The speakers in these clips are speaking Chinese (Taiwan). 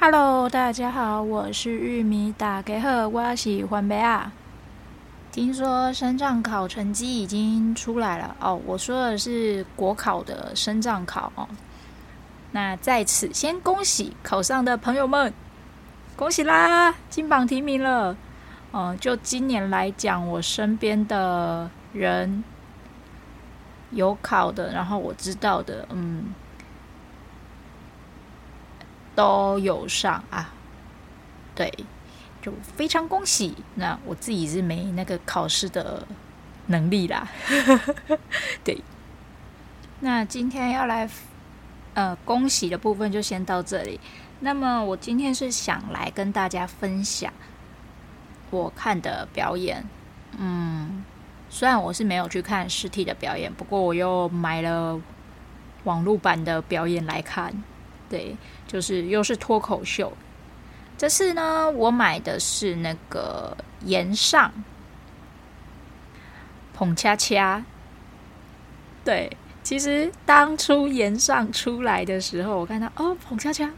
Hello，大家好，我是玉米。打開後，我喜歡北啊。聽說身障考成績已經出來了哦，我說的是國考的身障考哦。那在此先恭喜考上的朋友們，恭喜啦，金榜題名了。嗯、哦，就今年來講，我身邊的人有考的，然後我知道的，嗯。都有上啊，對，就非常恭喜。那我自己是沒那個考試的能力啦。 對，那今天要來呃恭喜的部分就先到這裡。那麼我今天是想來跟大家分享我看的表演。嗯，雖然我是沒有去看實體的表演，不過我又買了網絡版的表演來看。對，就是又是脫口秀。這次呢，我買的是那個岩上，捧澎恰恰。對，其實當初岩上出來的時候，我看到，哦，捧澎恰恰，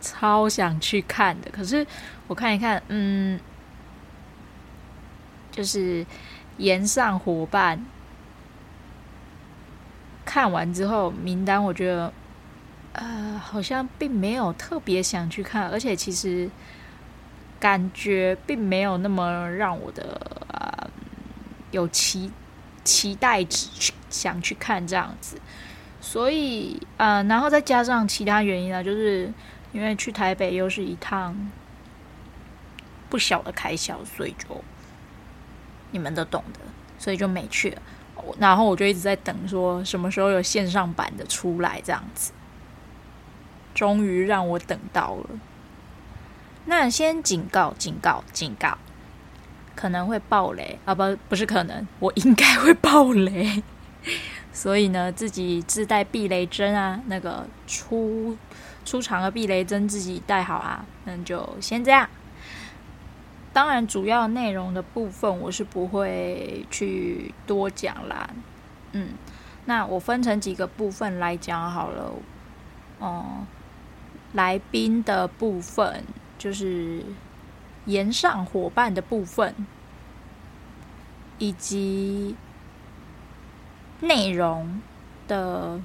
超想去看的。可是我看一看，嗯，就是岩上夥伴看完之後，名單我覺得。呃，好像並沒有特別想去看，而且其實感覺並沒有那麼讓我的呃有期期待，去想去看這樣子，所以呃，然後再加上其他原因呢，就是因為去台北又是一趟不小的開銷，所以就你們都懂的，所以就沒去了。然後我就一直在等，說什麼時候有線上版的出來這樣子。終於讓我等到了。那先警告，警告，警告，可能會爆雷啊！不，不是可能，我應該會爆雷。所以呢，自己自帶避雷針啊，那個出出場的避雷針自己帶好啊。那就先這樣。當然，主要內容的部分我是不會去多講啦。嗯，那我分成幾個部分來講好了。哦、嗯。來賓的部分，就是沿上夥伴的部分，以及內容的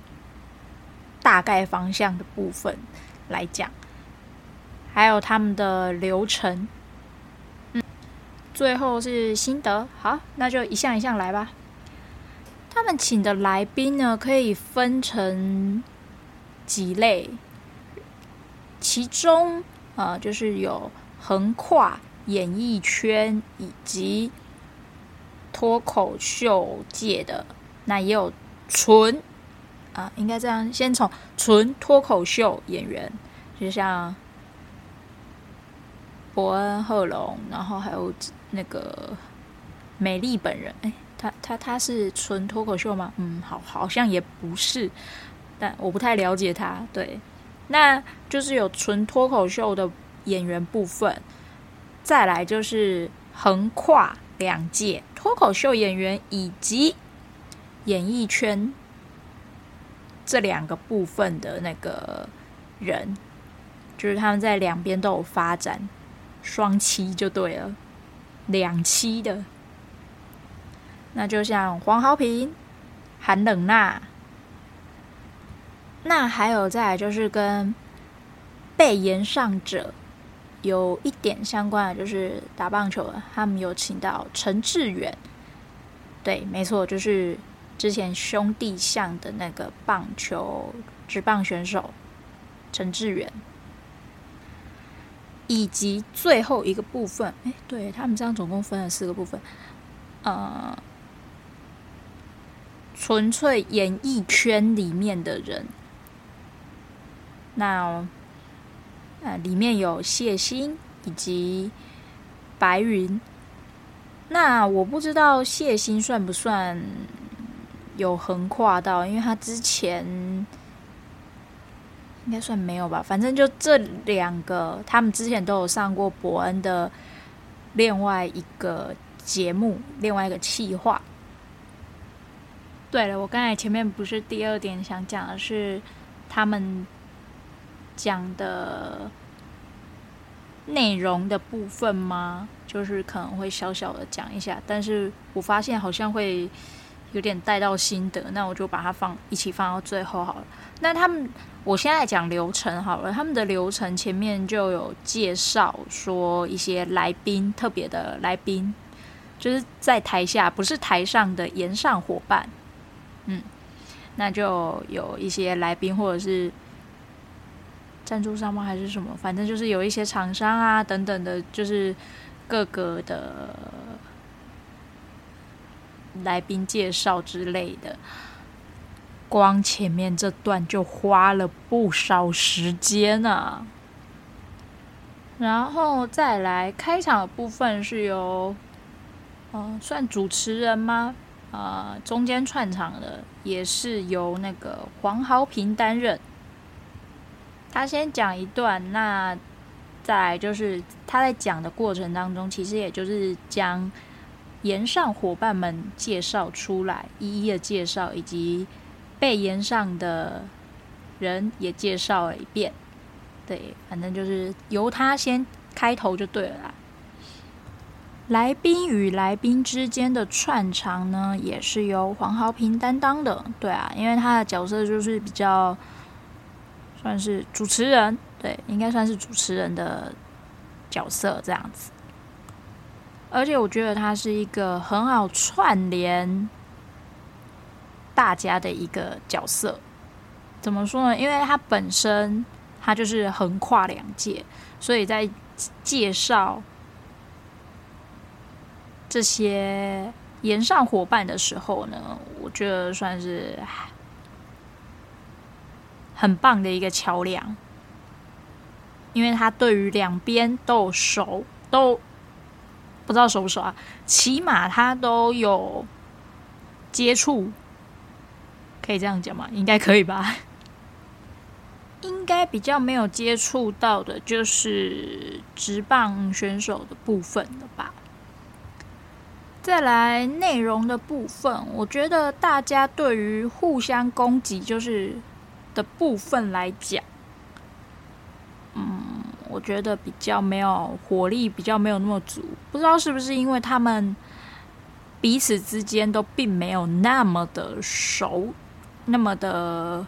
大概方向的部分來講，還有他們的流程。嗯，最後是心得。好，那就一項一項來吧。他們請的來賓呢，可以分成幾類。其中，呃，就是有橫跨演藝圈以及脫口秀界的，那也有純，啊、呃，應該這樣，先從純脫口秀演員，就像博恩賀瓏，然後還有那個美麗本人，哎、欸，他他他是純脫口秀嗎？嗯，好，好像也不是，但我不太了解他，對。那就是有純脫口秀的演員部分，再來就是橫跨兩界脫口秀演員以及演藝圈這兩個部分的那個人，就是他們在兩邊都有發展，雙棲就對了，兩棲的。那就像黃豪平、韓冷娜。那還有再來就是跟被延上者有一點相關的，就是打棒球的，他們有請到陳致遠，對，沒錯，就是之前兄弟象的那個棒球職棒選手陳致遠，以及最後一個部分，哎，對，他們這樣總共分了四個部分，呃，純粹演藝圈裡面的人。那呃，裡面有謝忻以及白雲。那我不知道謝忻算不算有橫跨到，因為他之前應該算沒有吧。反正就這兩個，他們之前都有上過博恩的另外一個節目，另外一個企劃。對了，我剛才前面不是第二點想講的是他們。講的內容的部分嗎？就是可能會小小的講一下，但是我發現好像會有點帶到心得，那我就把它放一起放到最後好了。那他們，我現在講流程好了，他們的流程前面就有介紹說一些來賓，特別的來賓，就是在台下，不是台上的演上伙伴。嗯，那就有一些來賓或者是。贊助商嗎？還是什麼？反正就是有一些廠商啊等等的，就是各個的來賓介紹之類的。光前面這段就花了不少時間啊。然後再來開場的部分是由，呃，嗯，算主持人嗎？呃，中間串場的也是由那個黃豪平擔任。他先講一段，那再來就是他在講的過程當中，其實也就是將沿上伙伴們介紹出來，一一的介紹，以及被岩上的人也介紹了一遍。對，反正就是由他先開頭就對了啦。來賓與來賓之間的串場呢，也是由黃豪平擔當的。對啊，因為他的角色就是比較。算是主持人，對，應該算是主持人的角色這樣子。而且我覺得他是一個很好串聯大家的一個角色。怎麼說呢？因為他本身他就是橫跨兩界，所以在介紹這些岩上夥伴的時候呢，我覺得算是。很棒的一個橋梁，因為他對於兩邊都有熟，都不知道熟不熟啊。起碼他都有接觸，可以這樣講嗎？應該可以吧。應該比較沒有接觸到的就是直棒選手的部分了吧。再來內容的部分，我覺得大家對於互相攻擊就是。的部分來講，嗯，我覺得比較沒有，火力比較沒有那麼足。不知道是不是因為他們彼此之間都並沒有那麼的熟，那麼的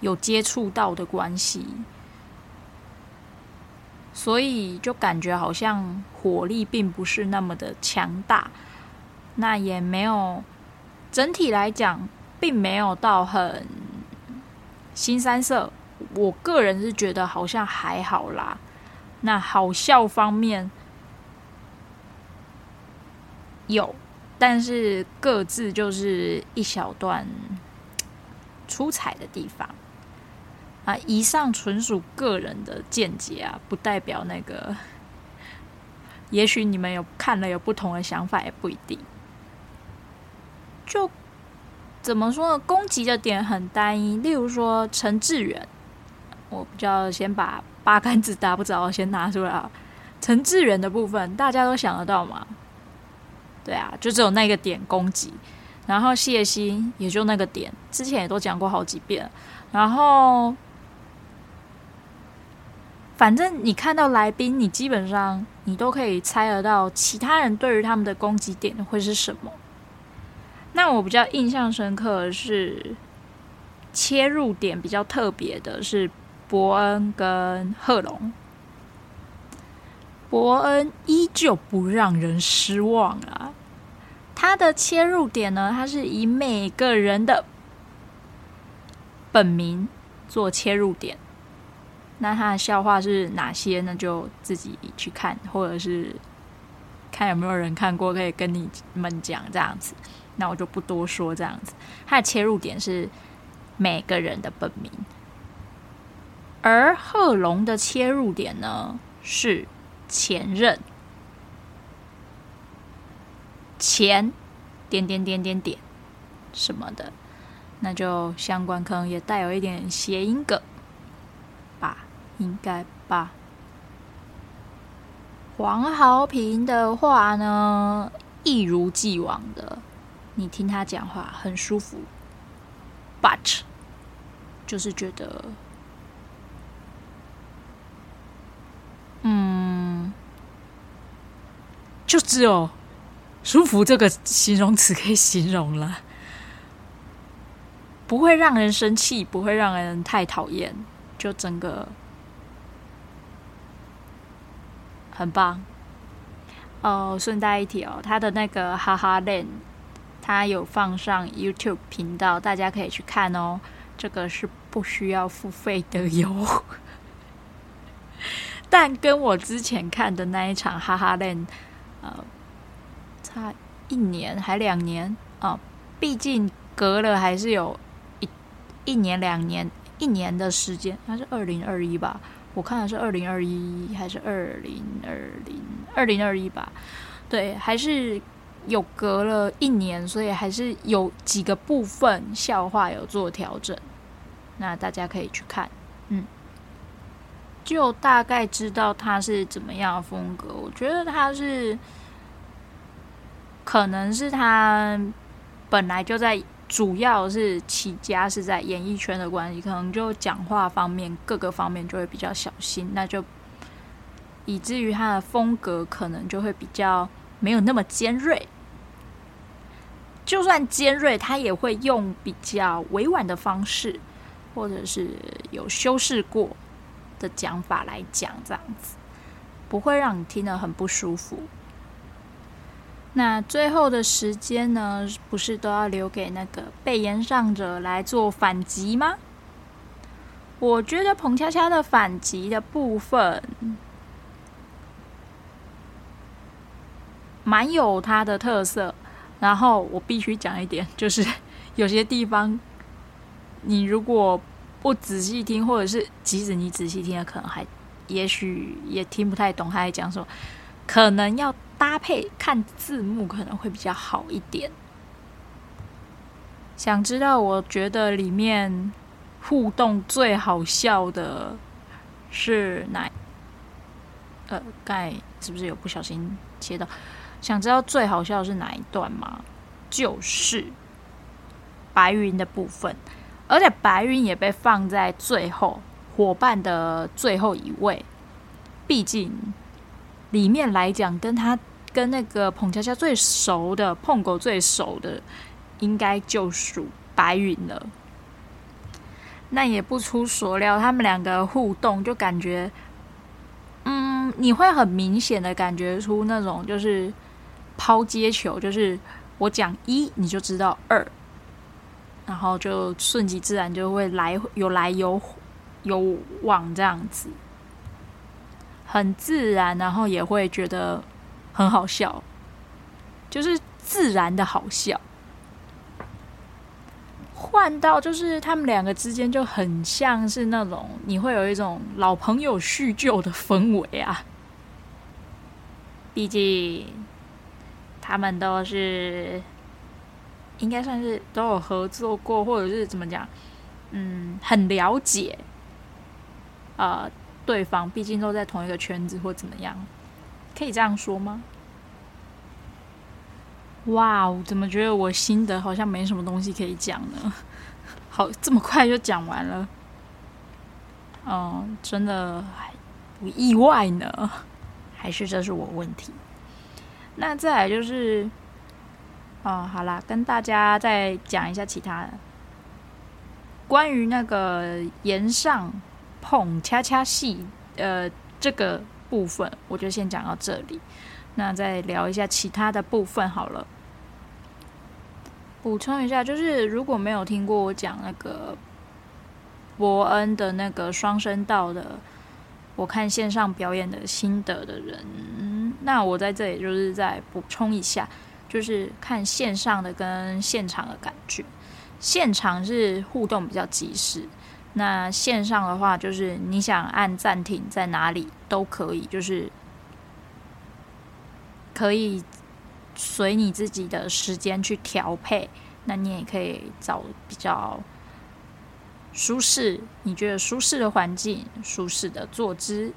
有接觸到的關係，所以就感覺好像火力並不是那麼的強大。那也沒有，整體來講並沒有到很。新三色，我個人是覺得好像還好啦。那好笑方面有，但是各自就是一小段出彩的地方。啊，以上純屬個人的見解啊，不代表那個。也許你們有看了有不同的想法也不一定。就。怎麼說呢，攻擊的點很單一，例如說陳志遠，我比較先把八竿子打不着先拿出來。陳志遠的部分，大家都想得到嘛。對啊，就只有那個點攻擊。然後謝欣也就那個點，之前也都講過好幾遍了。然後反正你看到來賓，你基本上你都可以猜得到其他人對於他們的攻擊點會是什麼。那我比較印象深刻的是切入點比較特別的是伯恩跟賀龍，伯恩依舊不讓人失望啊！他的切入點呢，他是以每個人的本名做切入點，那他的笑話是哪些？那就自己去看，或者是看有沒有人看過可以跟你們講這樣子。那我就不多說，這樣子，它的切入點是每個人的本名，而賀龍的切入點呢，是前任前，前點點點點點什麼的，那就相關可能也帶有一點諧音梗吧，應該吧。黃豪平的話呢，一如既往的。你聽他講話很舒服，but 就是覺得，嗯，就只有舒服這個形容詞可以形容了，不會讓人生氣，不會讓人太討厭，就整個很棒。哦，順帶一提哦，他的那個哈哈 then。他有放上 YouTube 頻道，大家可以去看哦，這個是不需要付費的喲。 但跟我之前看的那一場哈哈鏈，呃，差一年還兩年啊，呃，畢竟隔了還是有一一年兩年一年的時間，那是二零二一吧？我看的是二零二一還是二零二零二零二一吧？對，還是。有隔了一年，所以還是有幾個部分笑話有做調整，那大家可以去看，嗯，就大概知道他是怎麼樣的風格。我覺得他是，可能是他本來就在，主要是起家是在演藝圈的關係，可能就講話方面各個方面就會比較小心，那就以至於他的風格可能就會比較，沒有那麼尖銳，就算尖銳，他也會用比較委婉的方式，或者是有修飾過的講法來講，這樣子不會讓你聽得很不舒服。那最後的時間呢，不是都要留給那個被炎上者來做反擊嗎？我覺得彭恰恰的反擊的部分。蠻有它的特色，然後我必須講一點，就是有些地方你如果不仔細聽，或者是即使你仔細聽了，可能還也許也聽不太懂。他在講說，可能要搭配看字幕，可能會比較好一點。想知道我覺得裡面互動最好笑的是哪？呃，蓋是不是有不小心切到？想知道最好笑的是哪一段嗎？就是白雲的部分，而且白雲也被放在最後，夥伴的最後一位。畢竟裡面來講，跟他跟那個澎恰恰最熟的，澎哥最熟的，應該就屬白雲了。那也不出所料，他們兩個互動就感覺，嗯，你會很明顯的感覺出那種就是。拋接球就是我講一，你就知道二，然後就順其自然就會來有來有有往這樣子，很自然，然後也會覺得很好笑，就是自然的好笑。換到就是他們兩個之間就很像是那種你會有一種老朋友敘舊的氛圍啊，畢竟。他們都是應該算是都有合作過，或者是怎麼講？嗯，很了解，呃，對方畢竟都在同一個圈子或怎麼樣，可以這樣說嗎？哇，我怎麼覺得我心得好像沒什麼東西可以講呢？好，這麼快就講完了。嗯、呃，真的不意外呢？還是這是我問題？那再來就是，哦，好啦，跟大家再講一下其他的，關於那個沿上碰恰恰戲，呃，這個部分，我就先講到這裡。那再聊一下其他的部分好了。補充一下，就是如果沒有聽過我講那個博恩的那個雙聲道的，我看線上表演的心得的人。那我在這裡就是再補充一下，就是看線上的跟現場的感覺。現場是互動比較即時，那線上的話，就是你想按暫停在哪裡都可以，就是可以隨你自己的時間去調配。那你也可以找比較舒適，你覺得舒適的環境，舒適的坐姿。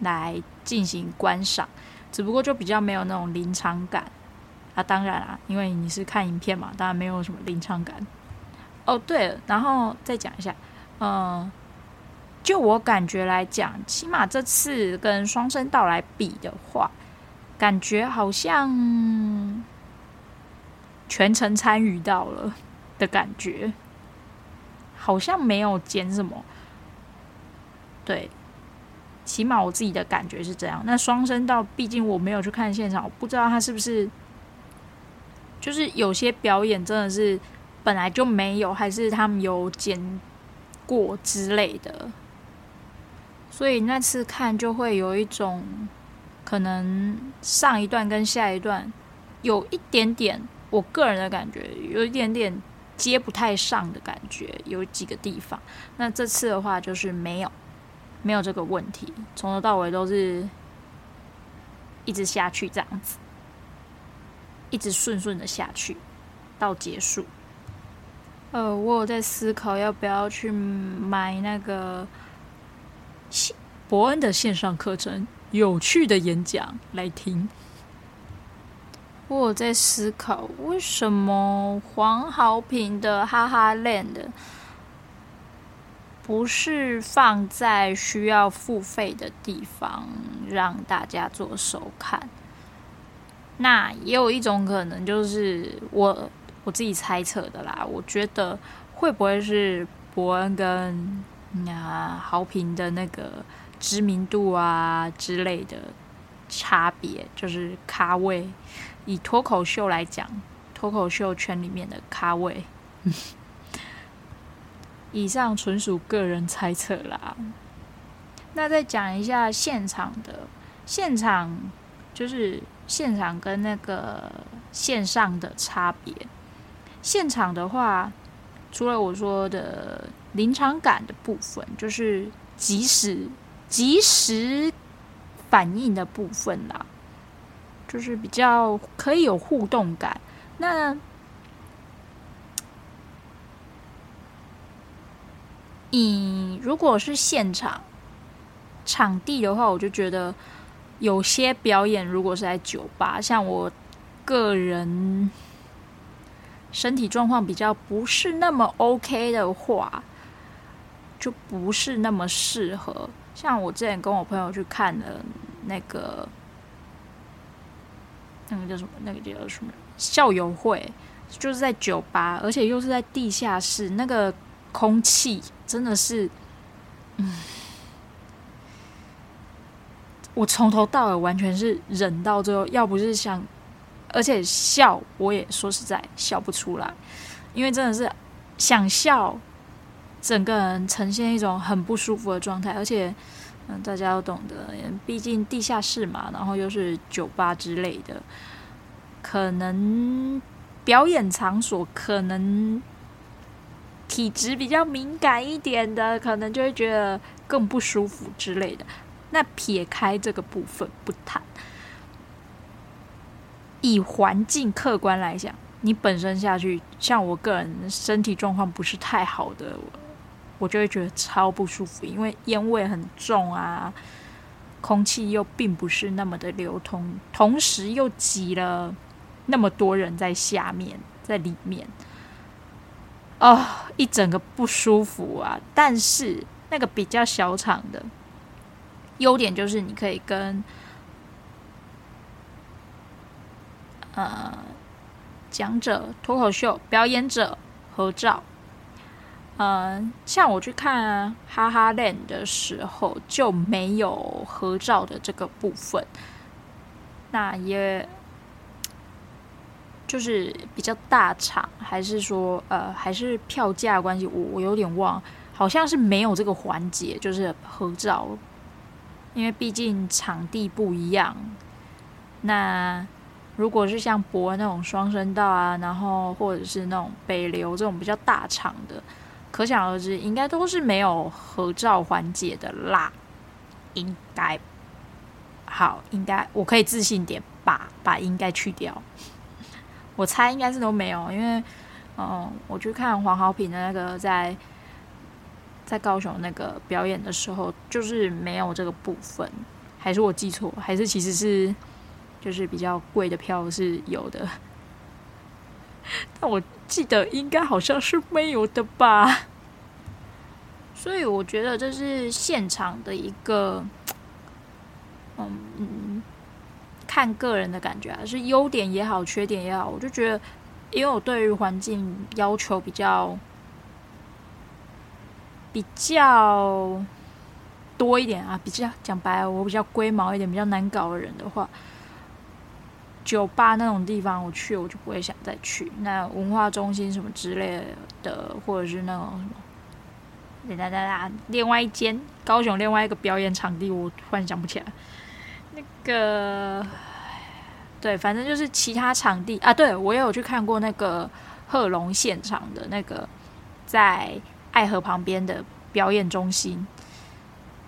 來進行觀賞，只不過就比較沒有那種臨場感啊。當然啦，因為你是看影片嘛，當然沒有什麼臨場感。哦，對了，然後再講一下，嗯，就我感覺來講，起碼這次跟雙聲道來比的話，感覺好像全程參與到了的感覺，好像沒有剪什麼，對。起碼我自己的感覺是這樣。那雙聲道，畢竟我沒有去看現場，我不知道他是不是就是有些表演真的是本來就沒有，還是他們有剪過之類的。所以那次看就會有一種可能上一段跟下一段有一點點，我個人的感覺有一點點接不太上的感覺，有幾個地方。那這次的話就是沒有。沒有這個問題，從頭到尾都是一直下去這樣子，一直順順的下去到結束。呃，我有在思考要不要去買那個線博恩的線上課程《有趣的演講》來聽。我有在思考為什麼黃豪平的哈哈 land，不是放在需要付費的地方讓大家做收看。那也有一種可能，就是我我自己猜測的啦。我覺得會不會是博恩跟、嗯、啊豪平的那個知名度啊之類的差別，就是咖位。以脫口秀來講，脫口秀圈裡面的咖位。 以上純屬個人猜測啦。那再講一下現場的，現場就是現場跟那個線上的差別。現場的話，除了我說的臨場感的部分，就是即時、即時反應的部分啦，就是比較可以有互動感。那嗯，如果是現場場地的話，我就覺得有些表演，如果是在酒吧，像我個人身體狀況比較不是那麼 OK 的話，就不是那麼適合。像我之前跟我朋友去看的那個，那個叫什麼？那個叫什麼？校友會，就是在酒吧，而且又是在地下室那個。空氣真的是，嗯，我從頭到尾完全是忍到最後，要不是想，而且笑我也說實在笑不出來，因為真的是想笑，整個人呈現一種很不舒服的狀態，而且，嗯，大家都懂得，畢竟地下室嘛，然後又是酒吧之類的，可能表演場所可能。體質比較敏感一點的，可能就會覺得更不舒服之類的。那撇開這個部分不談，以環境客觀來講，你本身下去，像我個人身體狀況不是太好的我，我就會覺得超不舒服，因為煙味很重啊，空氣又並不是那麼的流通，同時又擠了那麼多人在下面，在裡面。哦，oh, 一整個不舒服啊！但是那個比較小場的，優點就是你可以跟呃講者、脫口秀表演者合照。嗯、呃，像我去看、啊、哈哈 land 的時候就沒有合照的這個部分，那也。就是比較大場，還是說呃，還是票價關係？我我有點忘，好像是沒有這個環節，就是合照，因為畢竟場地不一樣。那如果是像博恩那種雙聲道啊，然後或者是那種北流這種比較大場的，可想而知，應該都是沒有合照環節的啦。應該，好，應該我可以自信點，把把“應該”去掉。我猜應該是都沒有，因為，嗯，我去看黃豪平的那個在，在高雄那個表演的時候，就是沒有這個部分，還是我記錯，還是其實是就是比較貴的票是有的，但我記得應該好像是沒有的吧，所以我覺得這是現場的一個，嗯嗯。看個人的感覺，還是優點也好，缺點也好，我就覺得，因為我對於環境要求比較比較多一點啊，比較講白了，我比較龜毛一點，比較難搞的人的話，酒吧那種地方我去，我就不會想再去。那文化中心什麼之類的，或者是那種……什麼，噠噠噠，另外一間高雄另外一個表演場地，我突然想不起來，那個。對，反正就是其他場地啊對。對，我也有去看過那個賀龍現場的那個，在愛河旁邊的表演中心，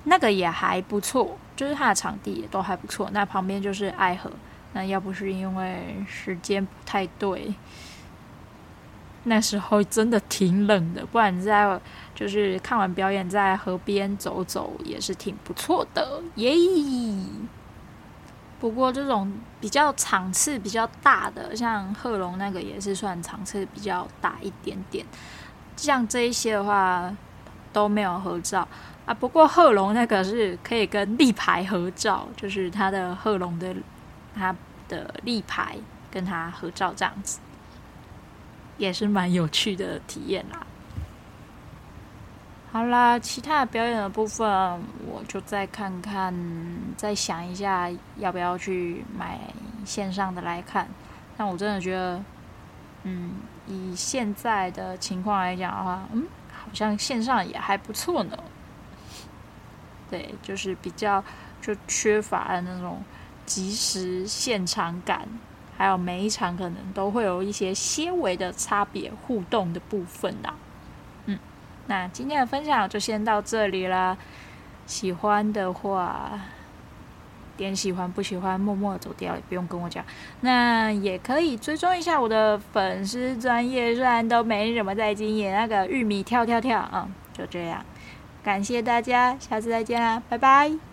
那個也還不錯，就是它的場地也都還不錯。那旁邊就是愛河，那要不是因為時間不太對，那時候真的挺冷的，不然在就是看完表演在河邊走走也是挺不錯的，耶、yeah! 不過這種比較場次比較大的，像賀龍那個也是算場次比較大一點點。像這一些的話都沒有合照啊。不過賀龍那個是可以跟立牌合照，就是他的賀龍的他的立牌跟他合照這樣子，也是蠻有趣的體驗啦。好啦，其他表演的部分，我就再看看，再想一下要不要去買線上的來看。但我真的覺得，嗯，以現在的情況來講的話，嗯，好像線上也還不錯呢。對，就是比較就缺乏那種即時現場感，還有每一場可能都會有一些些微的差別、互動的部分啦、啊。那今天的分享就先到這裡啦，喜歡的話點喜歡，不喜歡默默走掉也不用跟我講，那也可以追蹤一下我的粉絲專頁，雖然都沒什麼在經營，那個玉米跳跳跳啊、嗯，就這樣，感謝大家，下次再見啦，拜拜。